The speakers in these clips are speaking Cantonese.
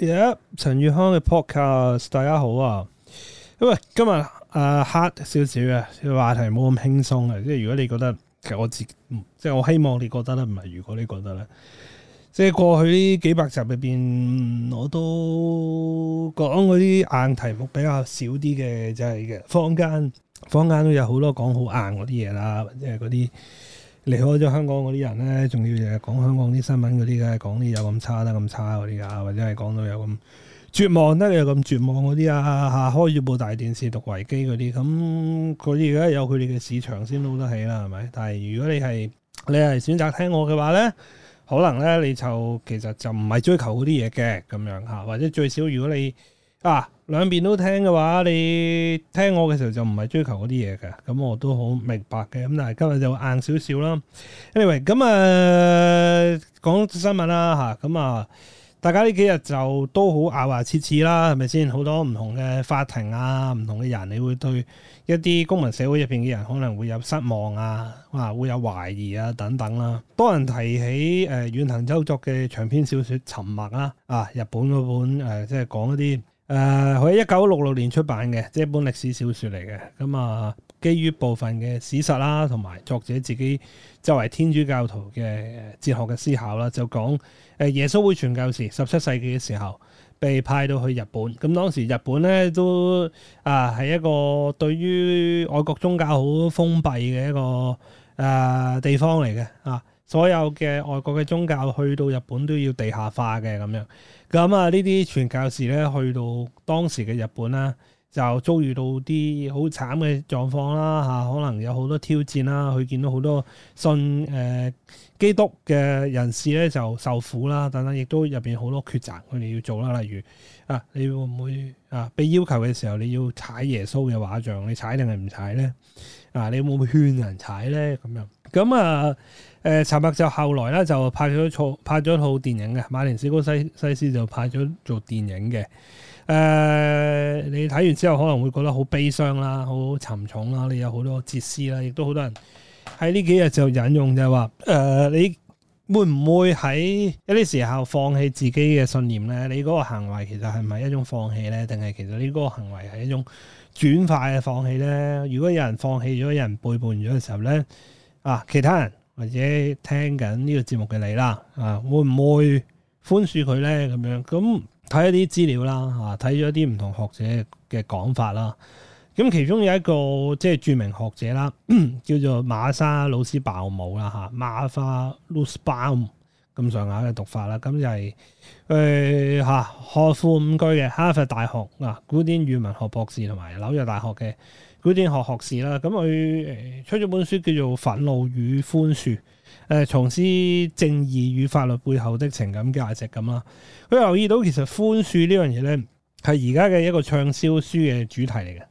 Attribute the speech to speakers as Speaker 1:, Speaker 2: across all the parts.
Speaker 1: 而陳玉康嘅 podcast，大家好啊，因為今日誒、呃、黑少少嘅話題冇咁輕鬆啊。即係如果你覺得，其實我自即係我希望你覺得咧，唔係如果你覺得咧，即係過去呢幾百集入邊，我都講嗰啲硬題目比較少啲嘅，就係、是、嘅，坊間坊間都有好多講好硬嗰啲嘢啦，即係嗰啲。離開咗香港嗰啲人咧，仲要日日講香港啲新聞嗰啲嘅，講啲有咁差得咁差嗰啲啊，或者係講到有咁絕望得有咁絕望嗰啲啊，開住部大電視讀維基嗰啲，咁啲而家有佢哋嘅市場先撈得起啦，係咪？但係如果你係你係選擇聽我嘅話咧，可能咧你就其實就唔係追求嗰啲嘢嘅咁樣嚇，或者最少如果你啊～兩邊都聽嘅話，你聽我嘅時候就唔係追求嗰啲嘢嘅，咁我都好明白嘅。咁但係今日就硬少少啦。Anyway，咁啊講新聞啦吓，咁啊，啊大家呢幾日就都好咬牙切齒啦，係咪先？好多唔同嘅法庭啊，唔同嘅人，你會對一啲公民社會入邊嘅人可能會有失望啊，哇、啊，會有懷疑啊等等啦、啊。多人提起誒遠、呃、藤周作嘅長篇小説《沉默》啦、啊，啊，日本嗰本誒、呃、即係講一啲。誒佢一九六六年出版嘅，即係一本歷史小說嚟嘅。咁啊，基於部分嘅史實啦，同埋作者自己作為天主教徒嘅哲學嘅思考啦，就講耶穌會傳教時，十七世紀嘅時候被派到去日本。咁當時日本呢，都啊係一個對於外國宗教好封閉嘅一個誒、呃、地方嚟嘅啊。所有嘅外國嘅宗教去到日本都要地下化嘅咁樣，咁啊呢啲傳教士咧去到當時嘅日本啦，就遭遇到啲好慘嘅狀況啦嚇、啊，可能有好多挑戰啦，去見到好多信誒、呃、基督嘅人士咧就受苦啦，等等，亦都入邊好多抉擇佢哋要做啦，例如啊，你會唔會啊被要求嘅時候你要踩耶穌嘅畫像，你踩定係唔踩咧？啊，你會唔會勸人踩咧咁樣？咁、嗯、啊，誒、呃，伯就後來咧就拍咗一套，拍咗套電影嘅。馬連斯高西西斯就拍咗做電影嘅。誒、呃，你睇完之後可能會覺得好悲傷啦，好沉重啦，你、啊、有好多哲思啦，亦、啊、都好多人喺呢幾日就引用就係話：誒、呃，你會唔會喺一啲時候放棄自己嘅信念咧？你嗰個行為其實係咪一種放棄咧？定係其實你嗰個行為係一種轉化嘅放棄咧？如果有人放棄咗，有人背叛咗嘅時候咧？啊！其他人或者聽緊呢個節目嘅你啦，啊，會唔會寬恕佢咧？咁樣咁睇一啲資料啦，啊，睇咗啲唔同學者嘅講法啦。咁、啊、其中有一個即係著名學者啦、啊，叫做馬沙老師爆姆啦、啊、馬化 l u 巴咁上下嘅讀法啦。咁就係誒嚇學富五居嘅哈佛大學啊，古典語文學博士同埋紐約大學嘅。古典學學士啦，咁佢誒出咗本書叫做《憤怒與寬恕》，誒從事正義與法律背後的情感價值。咁啦。佢留意到，其實寬恕呢樣嘢咧，係而家嘅一個暢銷書嘅主題嚟嘅，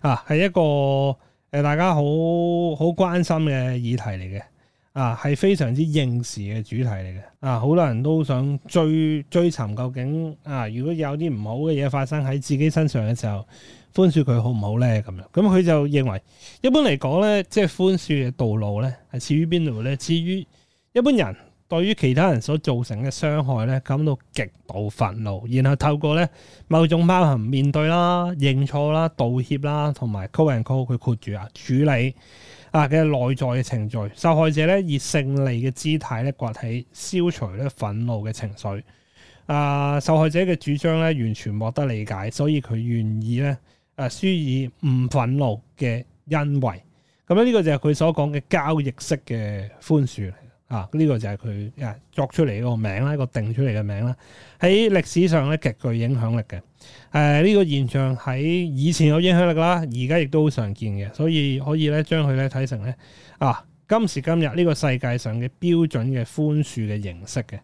Speaker 1: 啊，係一個誒大家好好關心嘅議題嚟嘅，啊，係非常之應時嘅主題嚟嘅，啊，好多人都想追追尋究竟啊，如果有啲唔好嘅嘢發生喺自己身上嘅時候。寬恕佢好唔好咧？咁樣咁佢就認為，一般嚟講咧，即係寬恕嘅道路咧，係恵於邊度咧？至於一般人對於其他人所造成嘅傷害咧，感到極度憤怒，然後透過咧某種貓行面對啦、認錯啦、道歉啦，同埋 call call 佢括住啊處理啊嘅內在嘅情序。受害者咧以勝利嘅姿態咧崛起，消除咧憤怒嘅情緒。啊、呃，受害者嘅主張咧完全獲得理解，所以佢願意咧。啊，需以唔憤怒嘅恩惠，咁、這、呢個就係佢所講嘅交易式嘅寬恕啊！呢、這個就係佢作出嚟一個名啦，一個定出嚟嘅名啦。喺歷史上咧極具影響力嘅，誒、啊、呢、這個現象喺以前有影響力啦，而家亦都好常見嘅，所以可以咧將佢咧睇成咧啊今時今日呢個世界上嘅標準嘅寬恕嘅形式嘅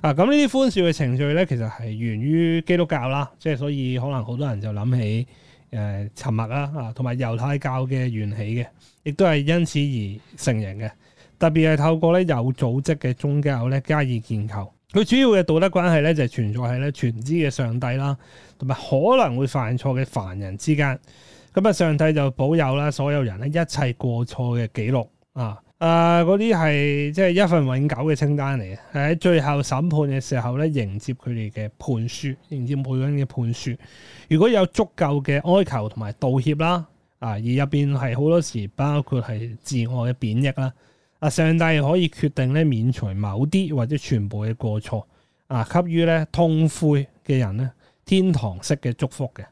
Speaker 1: 啊，咁呢啲寬恕嘅程序咧，其實係源於基督教啦，即係所以可能好多人就諗起。誒、呃、沉默啦，啊，同埋猶太教嘅源起嘅，亦都係因此而成型嘅。特別係透過咧有組織嘅宗教咧加以建構。佢主要嘅道德關係咧就係、存在喺咧全知嘅上帝啦，同埋可能會犯錯嘅凡人之間。咁啊，上帝就保有啦所有人咧一切過錯嘅記錄啊。啊！嗰啲係即係一份永久嘅清單嚟嘅，係喺最後審判嘅時候咧，迎接佢哋嘅判書，迎接每個人嘅判書。如果有足夠嘅哀求同埋道歉啦，啊而入邊係好多時包括係自我嘅貶抑啦，啊上帝可以決定咧免除某啲或者全部嘅過錯，啊給予咧痛悔嘅人咧天堂式嘅祝福嘅，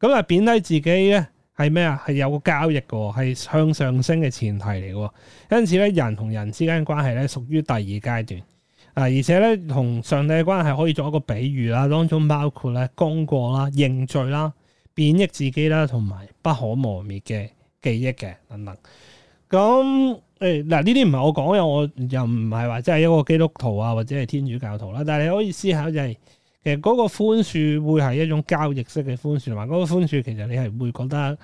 Speaker 1: 咁啊貶低自己咧。係咩啊？係有個交易嘅，係向上升嘅前提嚟嘅。因此咧，人同人之間嘅關係咧，屬於第二階段。啊，而且咧，同上帝嘅關係可以做一個比喻啦，當中包括咧，功過啦、認罪啦、貶抑自己啦，同埋不可磨滅嘅記憶嘅等等。咁誒，嗱呢啲唔係我講嘅，我又唔係話即係一個基督徒啊，或者係天主教徒啦。但係你可以思考就係、是。其實嗰個寬恕會係一種交易式嘅寬恕，同埋嗰個寬恕其實你係會覺得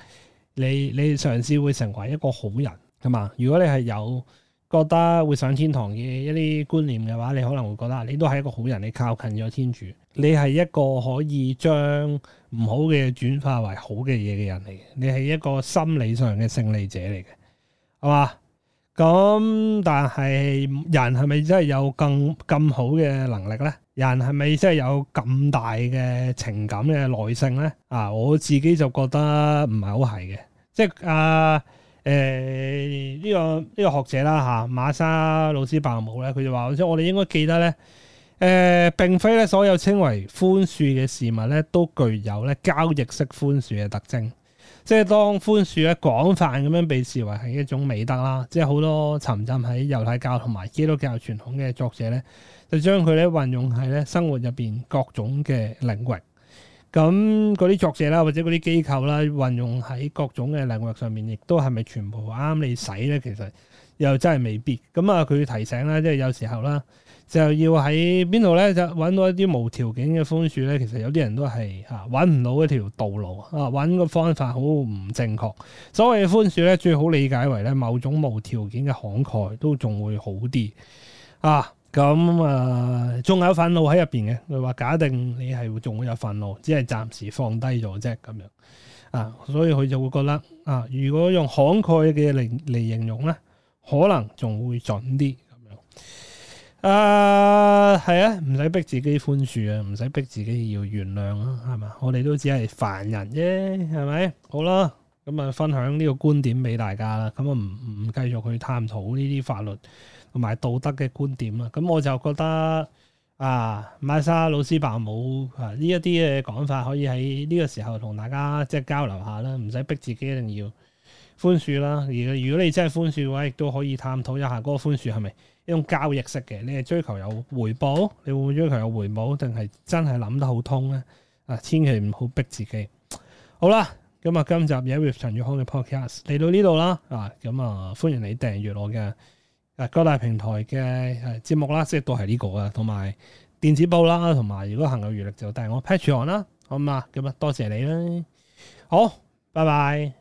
Speaker 1: 你你嘗試會成為一個好人，係嘛？如果你係有覺得會上天堂嘅一啲觀念嘅話，你可能會覺得你都係一個好人，你靠近咗天主，你係一個可以將唔好嘅轉化為好嘅嘢嘅人嚟嘅，你係一個心理上嘅勝利者嚟嘅，係嘛？咁但係人係咪真係有更咁好嘅能力咧？人係咪真係有咁大嘅情感嘅耐性咧？啊，我自己就覺得唔係好係嘅，即係啊，誒、欸、呢、呢個呢、呢個學者啦嚇、啊，馬莎老師白姆咧，佢就話，即係我哋應該記得咧，誒、呃、並非咧所有稱為寬恕嘅事物咧，都具有咧交易式寬恕嘅特徵，即係當寬恕咧廣泛咁樣被視為係一種美德啦，即係好多沉浸喺猶太教同埋基督教傳統嘅作者咧。就將佢咧運用喺咧生活入面各種嘅領域，咁嗰啲作者啦，或者嗰啲機構啦，運用喺各種嘅領域上面，亦都係咪全部啱你使咧？其實又真係未必。咁啊，佢提醒啦，即係有時候啦，就要喺邊度咧就揾到一啲無條件嘅寬恕咧。其實有啲人都係啊揾唔到一條道路啊，揾個方法好唔正確。所謂嘅寬恕咧，最好理解為咧，某種無條件嘅慷慨都仲會好啲啊。咁啊，仲、呃、有憤怒喺入邊嘅，佢話假定你係仲會有憤怒，只係暫時放低咗啫，咁樣啊，所以佢就會覺得啊，如果用慷慨嘅嚟嚟形容咧，可能仲會準啲咁樣。啊，係啊，唔使逼自己寬恕啊，唔使逼自己要原諒啊，係嘛？我哋都只係凡人啫，係咪？好啦，咁啊，分享呢個觀點俾大家啦，咁啊，唔唔繼續去探討呢啲法律，同埋道德嘅觀點啦，咁我就覺得啊，瑪莎老師爸母啊呢一啲嘅講法，可以喺呢個時候同大家即係交流一下啦，唔使逼自己一定要寬恕啦。而如果你真係寬恕嘅話，亦都可以探討一下嗰個寬恕係咪一種交易式嘅，你係追求有回報，你會追求有回報，定係真係諗得好通咧？啊，千祈唔好逼自己。好啦，咁啊，今集嘅 with 陳宇康嘅 podcast 嚟到呢度啦，啊，咁啊，歡迎你訂閱我嘅。各大平台嘅節目啦，即係都係呢個啊，同埋電子報啦，同埋如果行有餘力就帶我 Patreon 啦，好嘛？咁啊，多謝你啦，好，拜拜。